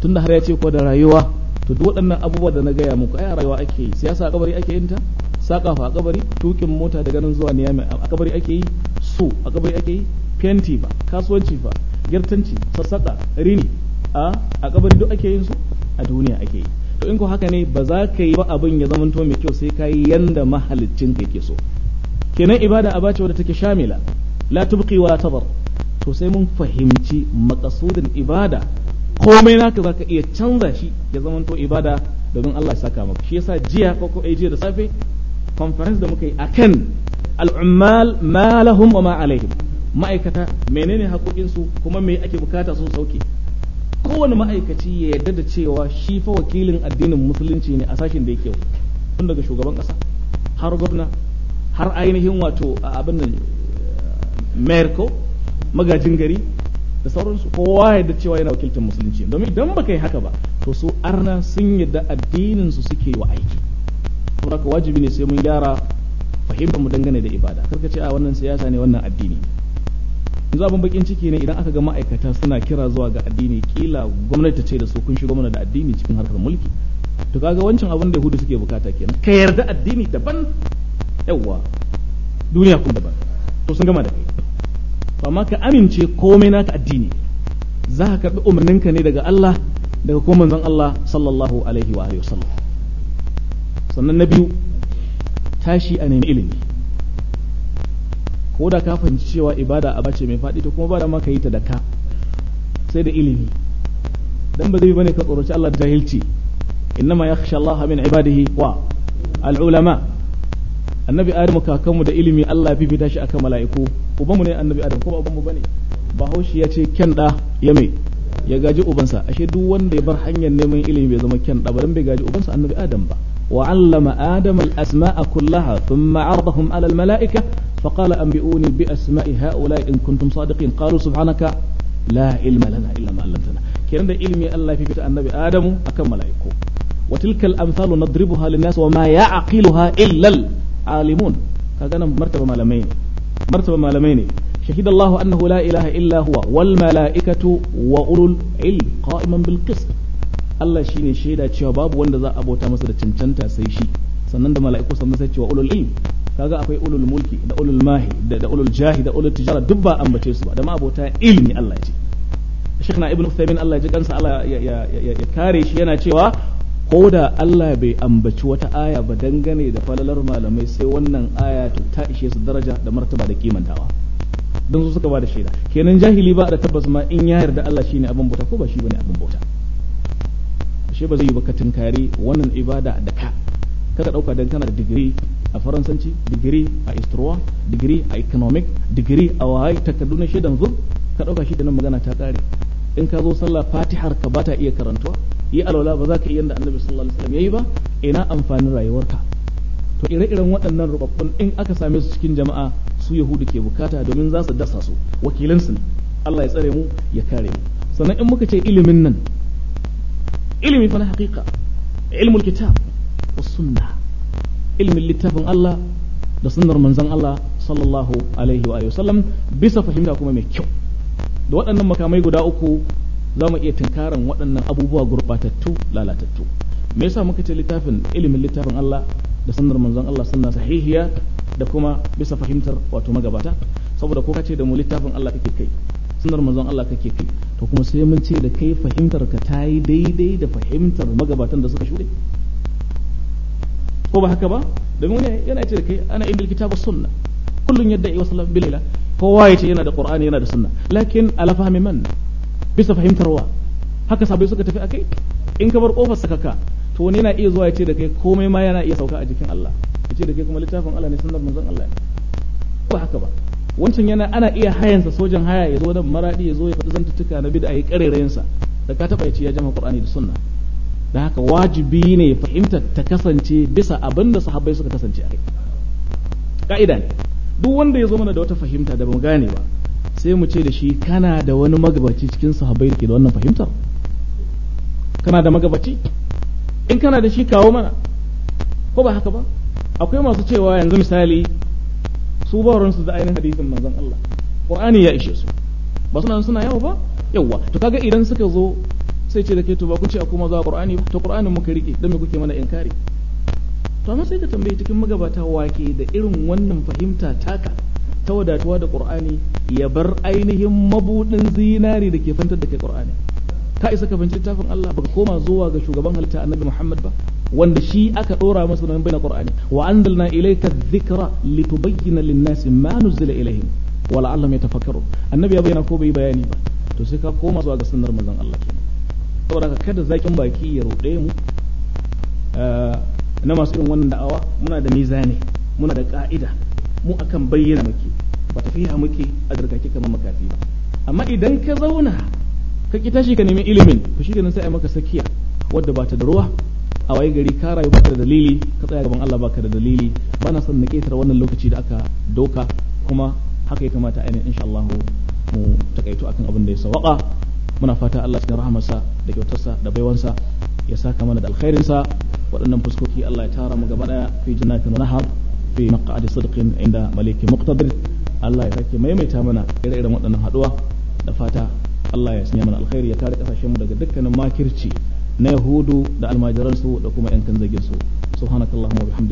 tun da har ya ce ko da rayuwa to duk waɗannan abubuwa da na gaya muku a rayuwa ake yi siyasa a kabari ake yin ta saka fa a kabari tukin mota daga nan zuwa niyami a kabari ake yi su a kabari ake yi fenti fa kasuwanci fa girtanci sassaka rini a a kabari duk ake yin su a duniya ake yi to in ko haka ne ba za ka yi ba abin ya zamanto mai kyau sai ka yi yanda mahalicin ka yake so kenan ibada aba ce wadda take shamila la tubqi wa tabar to sai mun fahimci maqasudin ibada komai naka zaka iya canza shi ya zamanto ibada domin Allah ya saka maka shi yasa jiya ko ko jiya da safe conference da muka yi akan al'ummal ma lahum wa ma alaihim ma'aikata menene su kuma me ake bukata su sauke kowane ma'aikaci ya yarda da cewa shi fa wakilin addinin musulunci ne a sashin da yake tun daga shugaban ƙasa har gwamna har ainihin wato abin nan mayar ko magajin gari da sauransu kowa da cewa yana wakiltar musulunci domin idan baka yi haka ba to su arna sun yadda addinin su suke wa aiki kuma ka wajibi ne sai mun gyara fahimtar mu dangane da ibada karka ce a wannan siyasa ne wannan addini yanzu abin bakin ciki ne idan aka ga ma'aikata suna kira zuwa ga addini kila gwamnati ta ce da su kun shiga mana da addini cikin harkar mulki to kaga wancan abin da yahudu suke bukata kenan ka yarda addini daban yawwa duniya kuma daban to sun gama da kai to amma ka amince komai naka addini za ka karbi umarninka ne daga Allah daga kuma manzon Allah sallallahu alaihi wa alihi wasallam sannan na biyu tashi a nemi ilimi ko da ka fahimci cewa ibada a bace mai faɗi to kuma ba da ma ka yi ta da ka sai da ilimi dan ba zai bane ka tsoroci Allah da jahilci innama yakhsha Allah min ibadihi wa al-ulama annabi adamu kakanmu da ilimi Allah ya fifita shi akan mala'iku ubanmu ne annabi adamu kuma ubanmu bane bahaushe ya ce kyan da ya mai ya gaji ubansa ashe duk wanda ya bar hanyar neman ilimi bai zama kyan da ba dan bai gaji ubansa annabi adam ba wa allama adam al asma'a kullaha thumma 'aradahum 'ala al mala'ika fa qala anbi'uni bi asma'i ha'ula'i in kuntum sadiqin qalu subhanaka la ilma lana illa ma 'allamtana kenan da ilimi Allah ya fifita annabi adamu akan mala'iku وتلك الأمثال نضربها للناس وما يعقلها إلا alimun ka nan martaba malamai ne martaba malamai ne شهد الله أنه لا إله إلا wa والملائكة وأولو العلم قائما بالقسط Allah shi ne shaida cewa babu wanda za a bauta masa da cancanta sai shi sannan da mala'iku sannan sai cewa ulul ilm kaga akwai ulul mulki da ulul mahi da, da ulul jahi da ulul tijara duk ba ambace su ba da ma abota ilmi Allah ya ce Sheikh na Ibn Uthaymeen Allah ya ji kansa Allah ya, ya kare shi yana cewa ko da Allah bai ambaci wata aya ba dangane da falalar malamai sai wannan aya ta ta ishe su daraja da martaba da kimantawa don su suka ba da shaida kenan jahili ba da tabbas ma in ya yarda Allah shine abin bauta ko ba shi bane abin bauta ashe ba zai yi baka ka tunkari wannan ibada da ka kada dauka dan kana da digiri a faransanci digiri a istrowa digiri a economic digiri a waye na shaidan zur ka dauka shi da nan magana ta kare in ka zo sallah fatihar ka ba ta iya karantuwa yi alwala ba za ka iya da annabi sallallahu alaihi wasallam yayi ba ina amfanin rayuwarka to ire-iren waɗannan rubabbun in aka same su cikin jama'a su yahudu ke bukata domin za su dasa su wakilansu Allah ya tsare mu ya kare mu sannan in muka ce ilimin nan ilimi fa na haƙiƙa ilmul kitab wa sunna ilmin littafin Allah da sunnar manzon Allah sallallahu alaihi wa sallam bisa fahimta kuma mai kyau da waɗannan makamai guda uku za mu iya tunkaran waɗannan abubuwa gurɓatattu lalatattu me yasa muka ce littafin ilimin littafin Allah da sunnar manzon Allah sunna sahihiya da kuma bisa fahimtar wato magabata saboda ko kace da mu littafin Allah kake kai sunnar manzon Allah kake kai to kuma sai mun ce da kai fahimtar ka tayi daidai da fahimtar magabatan da suka shuɗe ko ba haka ba domin wani yana ce da kai ana ilmin kitabu sunna kullun yadda iya wasu bilila ila kowa yace yana da qur'ani yana da sunna lakin ala fahimi man bisa fahimtar wa haka sabai suka tafi akai in ka bar kofar sakaka to wani yana iya zuwa ya ce da kai komai ma yana iya sauka a jikin Allah ya ce da kai kuma littafin Allah ne sunnar manzon Allah ne ko haka ba wancan yana ana iya hayansa sojan haya ya zo nan maradi ya zo ya faɗi zantuttuka na bid'a ya karerayinsa da ka taɓa ya ce ya jama qur'ani da sunna da haka wajibi ne fahimtar ta kasance bisa abinda sahabbai suka kasance a kai ka'ida ne duk wanda ya zo mana da wata fahimta da ba mu gane ba sai mu ce da shi kana da wani magabaci cikin sahabbai da ke da wannan fahimtar kana da magabaci in kana da shi kawo mana ko ba haka ba akwai masu cewa yanzu misali su ba su da ainihin hadisin manzon Allah Qur'ani ya ishe su ba suna suna yawo ba yawa to kaga idan suka zo sai ce da kai to ba ku ce a zuwa za Qur'ani to Qur'anin muka rike dan me kuke mana inkari to amma sai ka tambayi cikin magabata wake da irin wannan fahimta taka ta wadatuwa da qur'ani ya bar ainihin mabudin zinari da ke fantar da kai qur'ani ta isa ka fahimci tafin Allah baka koma zuwa ga shugaban halitta annabi Muhammad ba wanda shi aka ɗora masa nan bai na qur'ani wa anzalna ilayka dhikra litubayyana lin-nasi ma nuzila ilayhim wa la'allahum annabi ya bayyana ko bai bayani ba to sai ka koma zuwa ga sunnar manzon Allah kenan saboda kada zakin baki ya ruɗe mu eh, na masu irin wannan da'awa muna da mizani muna da ka'ida mu akan bayyana muke ba tafiya muke a zargake kamar makafi ba amma idan ka zauna ka ki tashi ka nemi ilimin to shi sai ai maka sakiya wadda ba ta da ruwa a wai gari ka rayu baka da dalili ka tsaya gaban Allah baka da dalili ba na son na ketara wannan lokaci da aka doka kuma haka ya kamata ainihin insha Allah mu takaito akan abin da ya sawaka muna fata Allah cikin rahamarsa da kyautarsa da baiwansa ya saka mana da alkhairinsa waɗannan fuskoki Allah ya tara mu gaba daya fi jannatin nahar fi maq'adi sidqin inda maliki muqtadir Allah ya sake maimaita mana ire-iren waɗannan haduwa da fata Allah ya sanya mana alkhairi ya kare kasashen mu daga dukkanin makirci na yahudu da almajiransu da kuma yan kanzagin su subhanakallahumma wa bihamdika